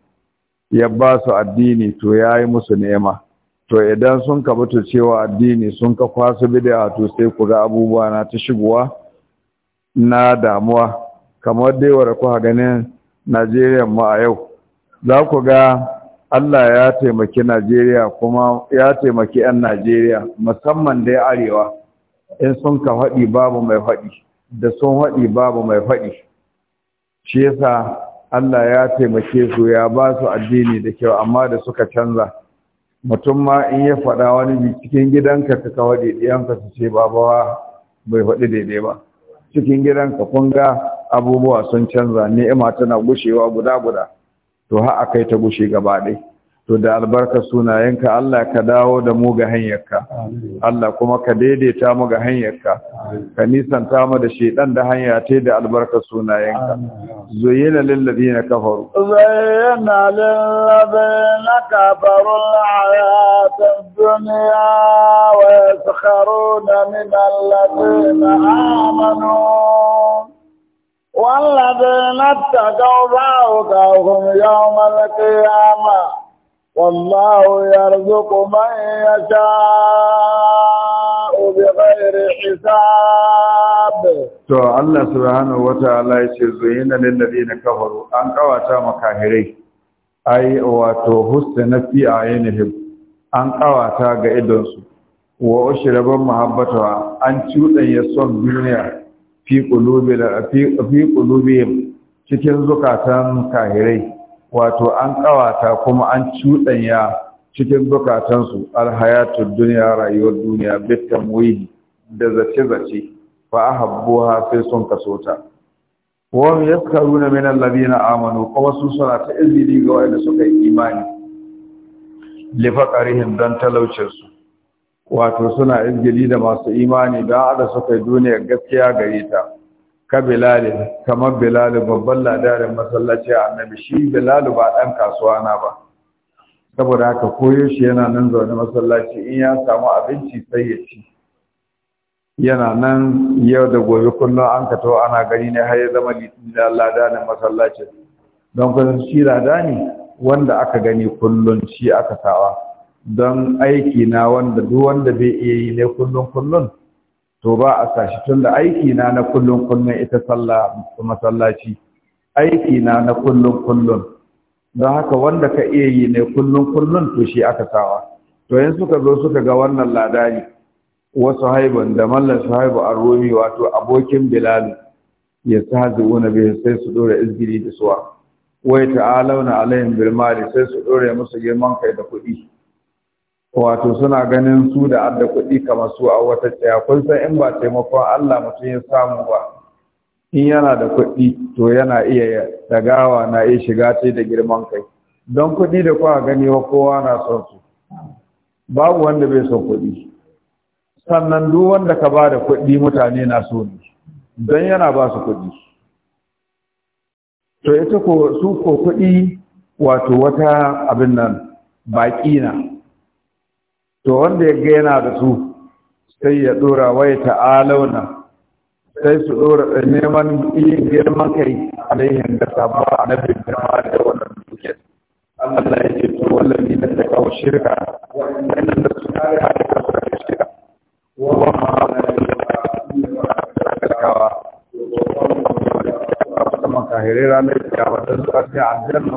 ya ba su addini to ya yi musu ni'ima to idan sun ka bata cewa addini sun ka kwasu bid'a to sai ku ga abubuwa na ta shigowa na damuwa kamar dai wara kuka ganin Najeriya mu a yau za ku ga Allah ya taimaki Najeriya kuma ya taimaki 'yan Najeriya musamman dai arewa in sun ka faɗi babu mai faɗi da sun faɗi babu mai faɗi shi yasa Allah ya taimake su ya ba su addini da kyau amma da suka canza mutum ma in ya faɗa wani bi cikin gidanka ka faɗi ɗiyanka su ce babawa bai faɗi daidai ba cikin gidanka kun ga abubuwa sun canza ni'ima tana gushewa guda guda to har kai ta gushe gaba ɗaya to da albarka sunayenka Allah ka dawo da mu ga hanyarka Allah kuma ka daidaita mu ga hanyarka ka nisanta mu da shedan da hanya ta da albarka sunayenka زين lil ladina kafaru للذين ad-dunya wa ويسخرون min الذين amanu. والذين اتقوا فوقهم يوم القيامة والله يرزق من يشاء بغير حساب to Allah subhanahu wataala yace zuyina lil ladina kafaru an kawata makahirai ai wato husna fi ayinihim an kawata ga idonsu wa ushraban mahabbatawa an cudanya son duniya fi ƙulubiyar cikin zukatan kahirai wato an ƙawata kuma an cuɗanya cikin zukatansu alhayatun duniya rayuwar duniya bitamwihi da zace-zace ba a Habu sai sun kaso ta Wani ya wam yaskaruna labi na amano kuma su suna ta izini ga wani suka yi imani li don dan wato suna izgili da masu imani don haɗa suka yi duniyar gaskiya gare ta ka bilali kamar bilali babban ladarin masallaci a annabi shi bilali ba ɗan kasuwa na ba saboda haka koyo shi yana nan zaune masallaci in ya samu abinci sai ya ci yana nan yau da gobe kullum an ka ana gani ne har ya zama ladarin masallacin don kusan shi ne, wanda aka gani kullum shi aka sawa don aiki na wanda duk wanda bai iya yi ne kullum-kullum, to ba a sashi tun da aiki na na kullum kullum ita sallah masallaci aiki na na kullum kullum don haka wanda ka iya yi ne kullum kullum to shi aka sawa to yin suka zo suka ga wannan ladani wasu haibun da mallan haibu a romi wato abokin bilal ya sa zuwa bai sai su dora izgiri da suwa wai ta'alauna alaihim bil sai su dora musu girman kai da kuɗi wato suna ganin su da adda kuɗi kamar su a wata tsaya kun san in ba taimakon Allah mutum ya samu ba in yana da kuɗi to yana iya dagawa na iya shiga ce da girman kai don kuɗi da kuwa gani wa kowa na son su babu wanda bai son kuɗi sannan duk wanda ka ba da kuɗi mutane na so ne don yana ba su kuɗi to ita ko su ko kuɗi wato wata abin nan baƙi na to wanda ya gaina da su sai ya dora ta alauna sai su dora neman yin girman kai layin da sabuwa a bin girma da wannan duke Allah ya ce to wallahi na daga kawo shirka wannan da su kare a da kasu da shirka wa ma kuma kahirai ranar kiyama don su ake aljanna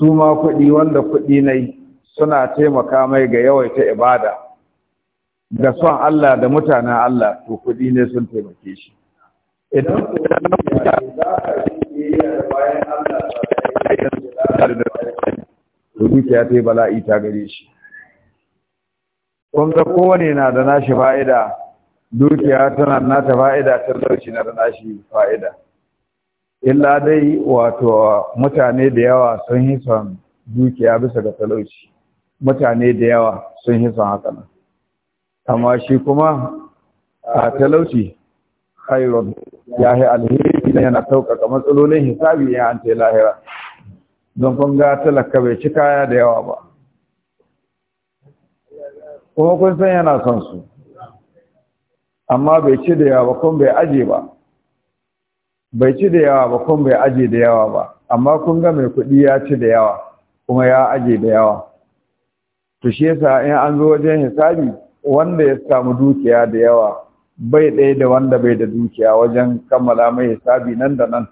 su ma kuɗi wanda kuɗi yi suna taimaka mai ga yawaita ibada da son Allah da mutanen Allah to kuɗi ne sun taimake shi idan dukiya ta yi bala'i ta gare shi Kunga kowane na da nashi fa'ida dukiya tana nata fa'ida talauci na da nashi fa'ida illa dai wato mutane da yawa sun yi dukiya bisa ga talauci mutane da yawa sun yi son haka nan amma shi kuma a talauci khairun ya yi alheri da yana sauƙaƙa matsalolin hisabi ya an ce lahira don kun ga talaka bai ci kaya da yawa ba kuma kun san yana son su amma bai ci da yawa kun bai aje ba bai ci da yawa ba kuma bai aje da yawa ba amma kun ga mai kuɗi ya ci da yawa kuma ya aje da yawa to shi yasa in an zo wajen hisabi wanda ya samu dukiya da yawa bai ɗaya da wanda bai da dukiya wajen kammala mai hisabi nan da nan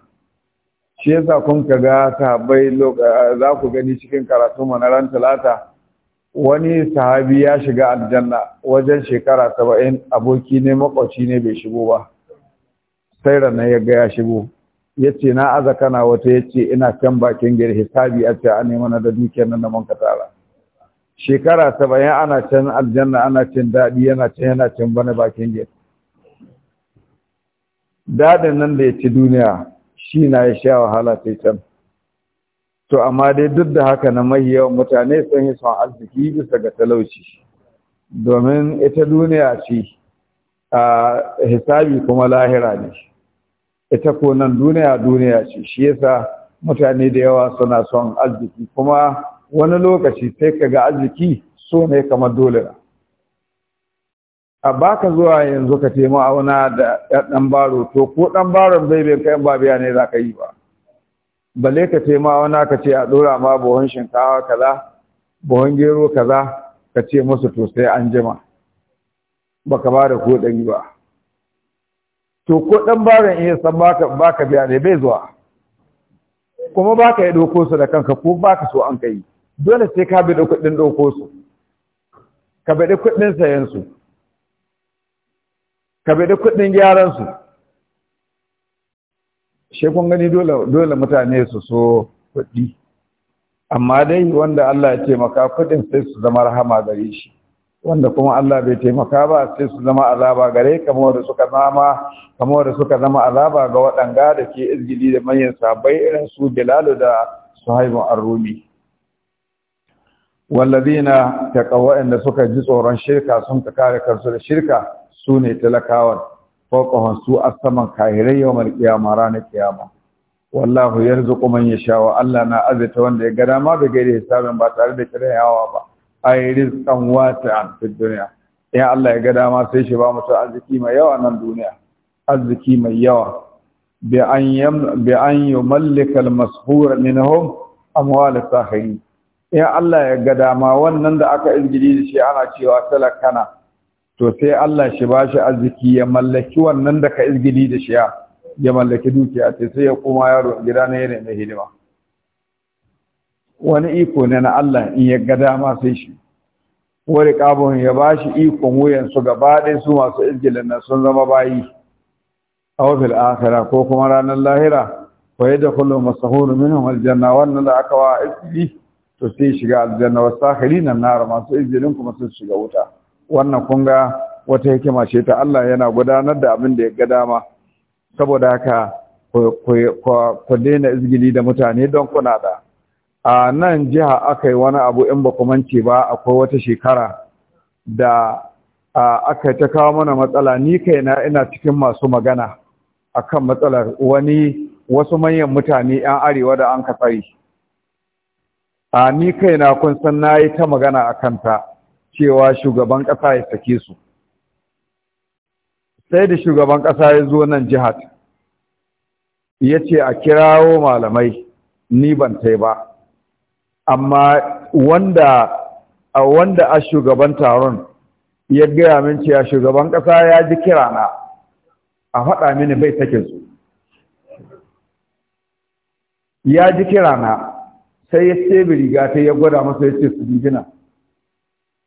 shi yasa kun ka ga sahabbai za ku gani cikin karatu mana na ran talata wani sahabi ya shiga aljanna wajen shekara saba'in aboki ne makwaci ne bai shigo ba saira na ya ga shigo ya ce na aza kana wata ya ce ina can bakin gari hisabi a ce an yi mana da dukiyar nan da manka tara shekara saba'in ana can aljanna ana cin daɗi yana can yana can bana bakin gari daɗin nan da ya ci duniya shi na ya sha wahala sai can to amma dai duk da haka na mahi yawan mutane sun yi son arziki bisa ga talauci domin ita duniya ce a hisabi kuma lahira ne ita ko nan duniya duniya ce shi yasa mutane da yawa suna son arziki kuma wani lokaci sai ka ga arziki so ne kamar dole a baka zuwa yanzu ka taimaka auna da ɗan baro to ko ɗan baron bai bai kayan ba biya ne za ka yi ba balle ka taimaka auna ka ce a ɗora ma buhun shinkawa kaza buhun gero kaza ka ce musu to sai an jima baka ba da ko ɗari ba to ko dan baran iya san baka baka biya ne bai zuwa kuma baka ya doko su da kanka ko baka so an kai dole sai ka bi da kuɗin doko su ka bi da kuɗin sayan su ka bi da kuɗin gyaran su she kun gani dole dole mutane su so kuɗi amma dai wanda Allah ya ce maka kuɗin sai su zama rahama gare shi wanda kuma Allah bai taimaka ba sai su zama azaba gare kamar da suka zama kamar wanda suka zama azaba ga waɗanga da ke izgili da manyan sabai irin su Bilal da Suhaibu Ar-Rumi wallazina taqawa inda suka ji tsoron shirka sun ta kare kansu da shirka sune talakawan fawqahum su a saman kahirai yawmal qiyamah ranar qiyama wallahu yarzuqu man yasha wa Allah na azata wanda ya ga dama da gaire hisabin ba tare da kirayawa ba ay rizqan wasi'an fid dunya in Allah ya ga dama sai shi ba mutum arziki mai yawa nan duniya arziki mai yawa bi an yam bi an yumallika al-mashhur minhum amwal sahiri ya in Allah ya ga dama wannan da aka izgiri da shi ana cewa talakana to sai Allah shi ba shi arziki ya mallaki wannan da ka izgiri da shi ya mallaki dukiya sai ya koma yaro gida ne ne mai hidima wani iko ne na Allah in ya ga dama sai shi wani kabon ya ba shi ikon wuyansu gaba ɗaya su masu izgilin na sun zama bayi a wafil akira ko kuma ranar lahira wa da kullum masahuru minhum aljanna wannan da aka wa izgili to sai shiga aljanna wasu sakari na nara masu izgilin kuma sun shiga wuta wannan kun ga wata hikima ce ta Allah yana gudanar da abin da ya ga dama saboda haka ku daina izgili da mutane don kuna da a nan jiha aka yi wani abu in ba mance ba akwai wata shekara da aka ta kawo mana matsala ni kaina ina cikin masu magana akan matsalar wani wasu manyan mutane 'yan arewa da an katsari a ni kaina kun san na yi ta magana a kanta cewa shugaban ƙasa ya sake su sai da shugaban ƙasa ya zo nan jihar ya ce a kirawo malamai ni ban tai ba amma wanda wanda a shugaban taron ya gaya min cewa shugaban ƙasa ya ji kira na a faɗa mini bai take su ya ji kira na sai ya sebe riga ta ya gwada masa ya ce su jijina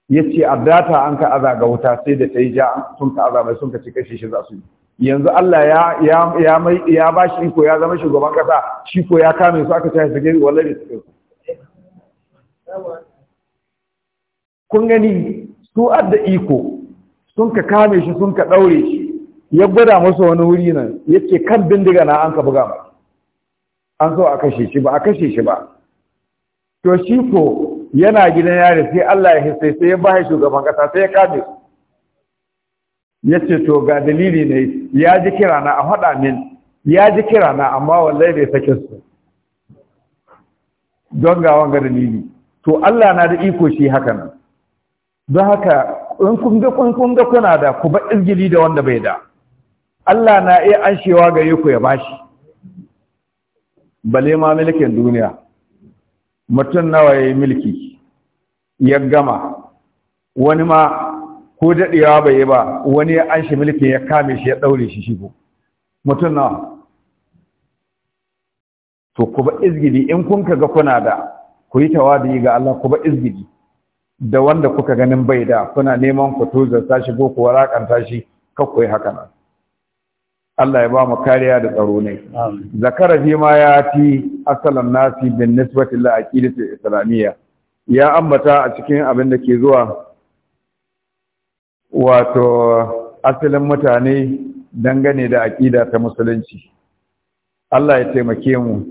ya ce a data an ka aza ga wuta sai da ta yi ja sun ka aza mai sun ka ci kashe shi za su yi yanzu Allah ya ya ba shi iko ya zama shugaban kasa shi ko ya kame su aka tashi su gari wallahi su kun gani su adda iko sun ka kame shi sun ka ɗaure shi ya gwada masa wani wuri nan ya ce kan bindiga na an ka buga ma, an so a kashe shi ba a kashe shi ba to shi ko yana gidan yare sai Allah ya hisse sai ya ba shugaban kasa sai ya kame yace ya ce to ga dalili ne ya ji kira na a haɗa min ya ji kira na amma wallahi bai sake su don ga wanga dalili to Allah na da iko shi haka nan don haka in kun ga kun ga kuna da ku ba izgili da wanda bai da Allah na iya anshewa gare ku ya bashi bale ma mulkin duniya mutum nawa yayi mulki ya gama wani ma ko dadewa bai yi ba wani ya anshi mulkin ya kame shi ya daure shi shigo mutum nawa to ku ba izgili in kun ga kuna da ku yi tawadi ga Allah ku ba izgiji da wanda kuka ganin bai da kuna neman ku tozarta ko ku warakanta shi kar ku yi haka nan Allah ya ba mu kariya da tsaro ne zakara fi ma ya ti asalan nasi bin nisbati lil aqidati islamiyya ya ambata a cikin abin da ke zuwa wato asalin mutane dangane da aqida ta musulunci Allah ya taimake mu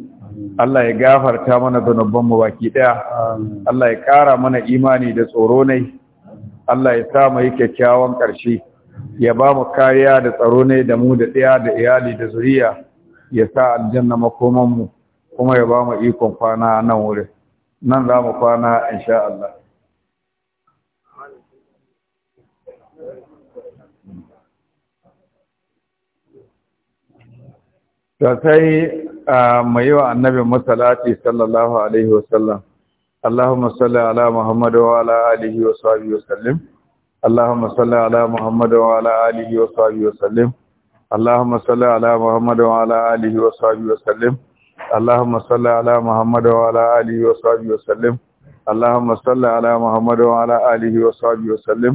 Allah ya gafarta mana zanubban mu baki daya Allah ya kara mana imani da tsoro ne Allah ya sa mu yi kyakkyawan ƙarshe ya ba mu kariya da tsaro ne da mu da ɗaya da iyali da zuriya ya sa aljanna makoman mu kuma ya ba mu ikon kwana nan wurin nan za mu kwana insha Allah sosai a mai yi wa annabin masalati sallallahu alaihi wasallam Allahumma salli ala muhammadu wa ala alihi wa sahbihi wasallim Allahumma salli ala muhammadu wa ala alihi wa sahbihi wasallim Allahumma salli ala muhammadu wa ala alihi wa sahbihi wasallim Allahumma salli ala muhammadu wa ala alihi wa sahbihi wasallim Allahumma salli ala muhammadu wa ala alihi wa sahbihi wasallim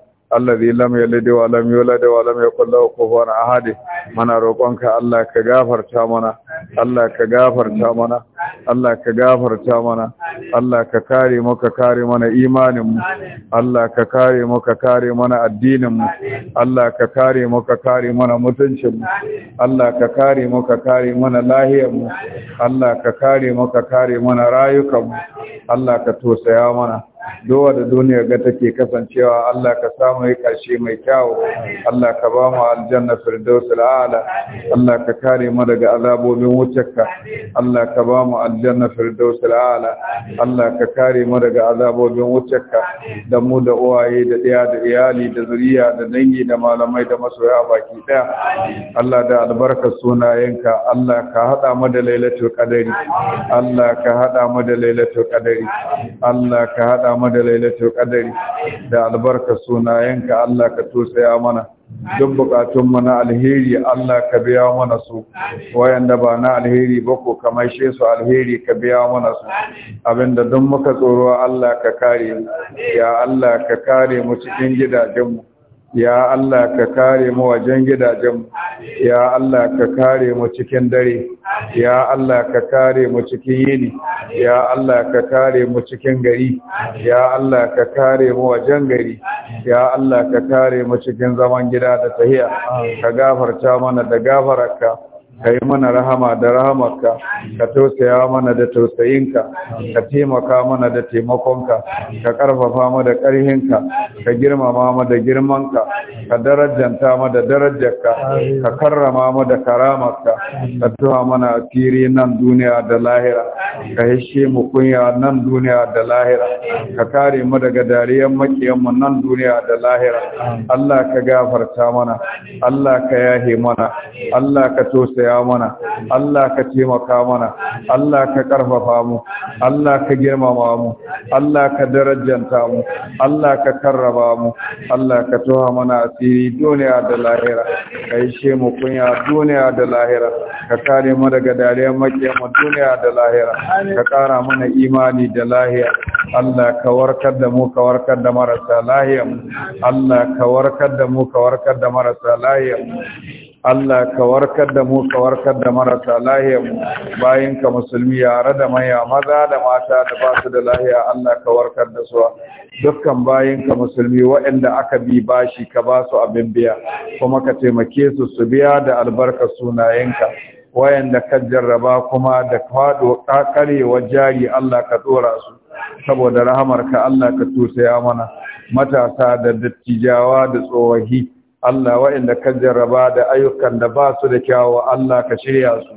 الذي lam yalid wa lam yulad wa lam yakul lahu kufuwan ahad mana roƙonka Allah ka gafarta mana. Allah ka gafarta mana Allah ka mana. Allah ka kare mu ka kare mana imaninmu Allah ka kare mu ka kare mana addininmu Allah ka kare mu ka kare mana mutuncinmu Allah ka kare mu ka kare mana mu Allah ka kare mu ka kare mana rayukanmu Allah ka tosaya mana dowa da duniya ga take kasancewa Allah ka samu ya ƙarshe mai kyau. Allah ka ba mu aljanna firdausul ala Allah ka kare mu daga azabobin wutarka Allah ka ba mu aljanna firdausul ala Allah ka kare mu daga azabobin wutarka da mu da uwaye da ɗaya da iyali da zuriya da dangi da malamai da masoya baki ɗaya Allah da albarkar sunayenka Allah ka haɗa mu da lailatul qadari Allah ka haɗa mu da lailatul qadari Allah ka haɗa haɗa da lailatul qadari da albarka sunayenka Allah ka tosaya mana duk bukatun mu na alheri Allah ka biya mana su wayanda ba na alheri ba ko kamar she su alheri ka biya mana su abinda duk muka tsoro Allah ka kare ya Allah ka kare mu cikin gidajenmu ya Allah ka kare mu wajen gidajen ya Allah ka kare mu cikin dare ya Allah ka kare mu cikin yini ya Allah ka kare mu cikin gari ya Allah ka kare mu wajen gari ya Allah ka kare mu cikin zaman gida da tahiya ka gafarta mana da gafararka Ka yi mana rahama da rahamarka ka tausaya mana da tausayinka ka taimaka mana da taimakonka ka karfafa mana da karhinka ka girmama mana da girmanka ka darajanta mana da darajarka ka karrama mana da karamarka ka tuha mana asiri nan duniya da lahira ka hishe mu kunya nan duniya da lahira ka kare mu daga dariyan makiyan mu nan duniya da lahira Allah ka gafarta mana Allah ka yahe mana Allah ka tausaya tausaya mana Allah ka taimaka mana Allah ka karfafa mu Allah ka girmama mu Allah ka darajanta mu Allah ka karraba mu Allah ka tuha mana asiri duniya da lahira ka she mu kunya duniya da lahira ka kare mu daga dariyar makiya mu duniya da lahira ka kara mana imani da lahira Allah ka warkar da mu ka warkar da marasa lahiya Allah ka warkar da mu ka warkar da marasa lahiya Allah ka warkar da mu ka warkar da marasa lahiyar mu bayan ka musulmi yare da maya maza da mata da basu da lahiya Allah ka warkar da su dukkan bayan ka musulmi waɗanda aka bi bashi ka basu abin biya kuma ka taimake su su biya da albarkar sunayenka waɗanda ka jarraba kuma da faɗo wa jari Allah ka tsora su saboda rahamarka Allah ka tusaya mana matasa da dattijawa da tsohahi Allah wa'inda ka jarraba da ayyukan da ba su da kyawu Allah ka shirya su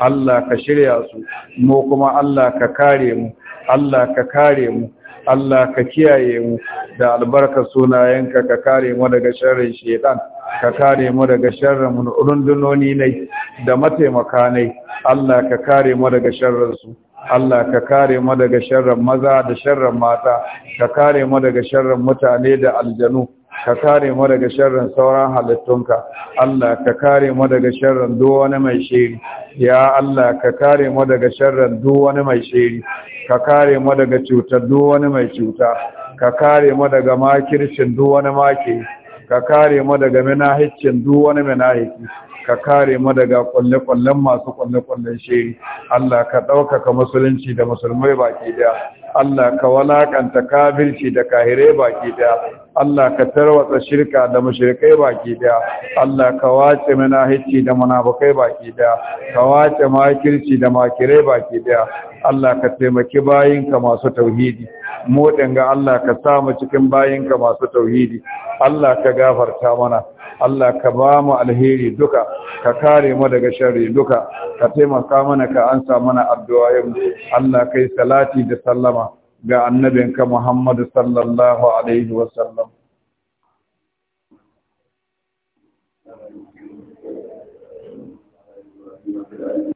Allah ka shirya su mu kuma Allah ka kare mu Allah ka kare mu Allah ka kiyaye mu da albarka sunayenka ka kare mu daga sharrin shedan ka kare mu daga sharrin rundunoni ne da mataimaka ne Allah ka kare mu daga sharrin su Allah ka kare mu daga sharrin maza da sharrin mata ka kare mu daga sharrin mutane da aljanu ka kare mu daga sharrin sauran halittunka Allah ka kare mu daga sharrin duk wani mai shiri ya Allah ka kare mu daga sharrin duk wani mai shiri ka kare mu daga cutar duk wani mai cuta ka kare mu daga makircin duk wani maki ka kare mu daga minahicin duk wani minahiki ka kare mu daga kwalle-kwallen masu kwalle-kwallen shiri Allah ka ɗaukaka musulunci da musulmai baki daya Allah ka walakanta kafirci da kahire baki daya Allah ka tarwatsa shirka da mushrikai baki daya Allah ka wace hicci da munafukai baki daya ka wace makirci da makirai baki daya Allah ka taimaki bayinka masu tauhidi mu dinga Allah ka sa mu cikin bayinka masu tauhidi Allah ka gafarta mana Allah ka ba mu alheri duka ka kare mu daga sharri duka ka taimaka mana ka ansa mana addu'o'in Allah kai salati da sallama ga annabinka Muhammad sallallahu alaihi sallam.